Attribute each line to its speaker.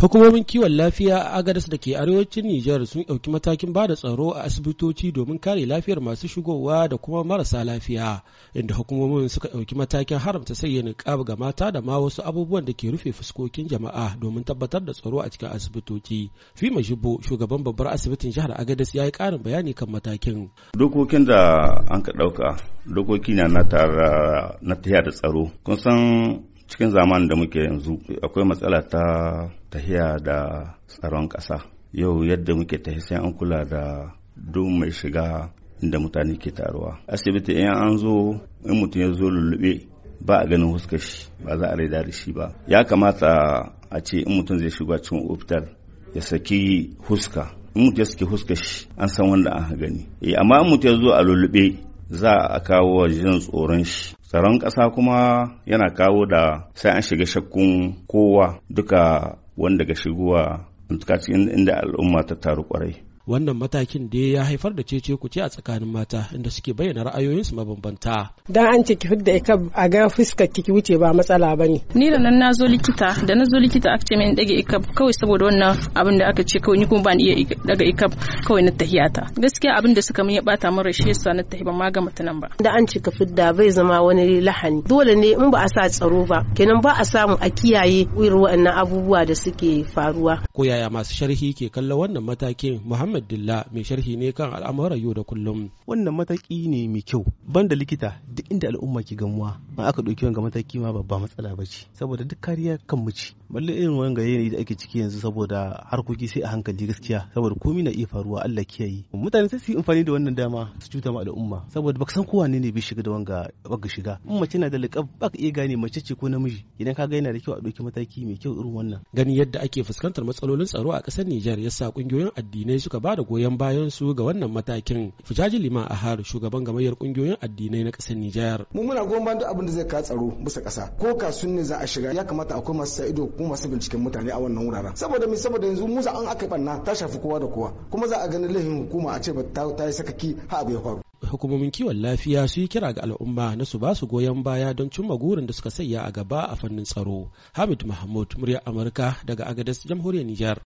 Speaker 1: Hukumomin kiwon lafiya a Agadas da ke arewacin Nijar sun ɗauki matakin ba da tsaro a asibitoci domin kare lafiyar masu shigowa da kuma marasa lafiya, inda hukumomin suka ɗauki matakin haramta sanya niqab ga mata da ma wasu abubuwan da ke rufe fuskokin jama'a domin tabbatar da tsaro a cikin asibitoci. Fima Jibo, shugaban babbar asibitin jihar Agadas ya yi ƙarin bayani kan matakin.
Speaker 2: Dokokin da an ka ɗauka, dokoki na na tara na da tsaro. Kun san cikin zamanin da muke yanzu akwai matsala ta tahiya da tsaron kasa yau yadda muke tahi sai an kula da duk mai shiga inda mutane ke taruwa asibiti in an zo in mutum ya zo lullube ba a ganin huskar shi ba za a raida da shi ba ya kamata a ce in mutum zai shiga cikin ofitar ya saki huska in mutum ya saki huskar shi an san wanda an gani eh, amma in mutum ya zo a lullube za a kawo jin tsoron shi tsaron ƙasa kuma yana kawo da sai an shiga shakkun kowa duka wanda ga shigowa cikin inda al'umma ta taru kwarai
Speaker 1: wannan matakin da ya haifar da cece ce a tsakanin mata inda suke bayyana ra'ayoyinsu mabambanta
Speaker 2: dan an ce ki fidda ka a ga fuskar ki wuce ba matsala bane ni da nan nazo likita da nazo likita aka ce min dage ikab kawai saboda wannan abin da aka ce kawai ni kuma ban iya daga ikab kawai na tahiyata gaskiya abin da suka min ya bata min rashe sa na tahiba ma ga mutunan ba
Speaker 1: da an ce ka fidda bai zama wani lahani dole ne in ba a sa tsaro ba kenan ba a samu a kiyaye irin waɗannan abubuwa da suke faruwa ko yaya masu sharhi ke kallon wannan matakin muhammad Muhammad Dilla mai sharhi ne kan al'amuran yau da kullum. Wannan mataki ne mai kyau banda likita duk inda al'umma ke gamuwa ba aka ɗauki wanga mataki ma babba matsala ba ce saboda duk kariya kan mu ci Balle irin wanga yanayi da ake ciki yanzu saboda harkoki sai a hankali gaskiya saboda komi na iya faruwa Allah kiyaye. Mutane sai su yi amfani da wannan dama su cuta ma al'umma saboda baka san kowa ne ne bai shiga da wanga baka shiga. In mace na da liƙab ka iya gane mace ce ko namiji idan ka ga yana da kyau a ɗauki mataki mai kyau irin wannan. Gani yadda ake fuskantar matsalolin tsaro a ƙasar Nijar yasa ƙungiyoyin addinai suka ba ba da goyon bayan su ga wannan matakin fujaji a har shugaban gamayyar kungiyoyin addinai na kasar nijar mu muna goyon bayan duk abin da zai ka tsaro bisa kasa ko sunne za a shiga ya kamata akwai masu sa ido ko masu binciken mutane a wannan wuraren saboda mi saboda yanzu musa an aka banna ta shafi kowa da kowa kuma za a gani laifin hukuma a ce ba ta yi sakaki ha abu ya faru hukumomin kiwon lafiya su yi kira ga al'umma na su ba su goyon baya don cimma gurin da suka sanya a gaba a fannin tsaro. Hamid Mahmud, muryar Amurka daga agadas Jamhuriyar Nijar.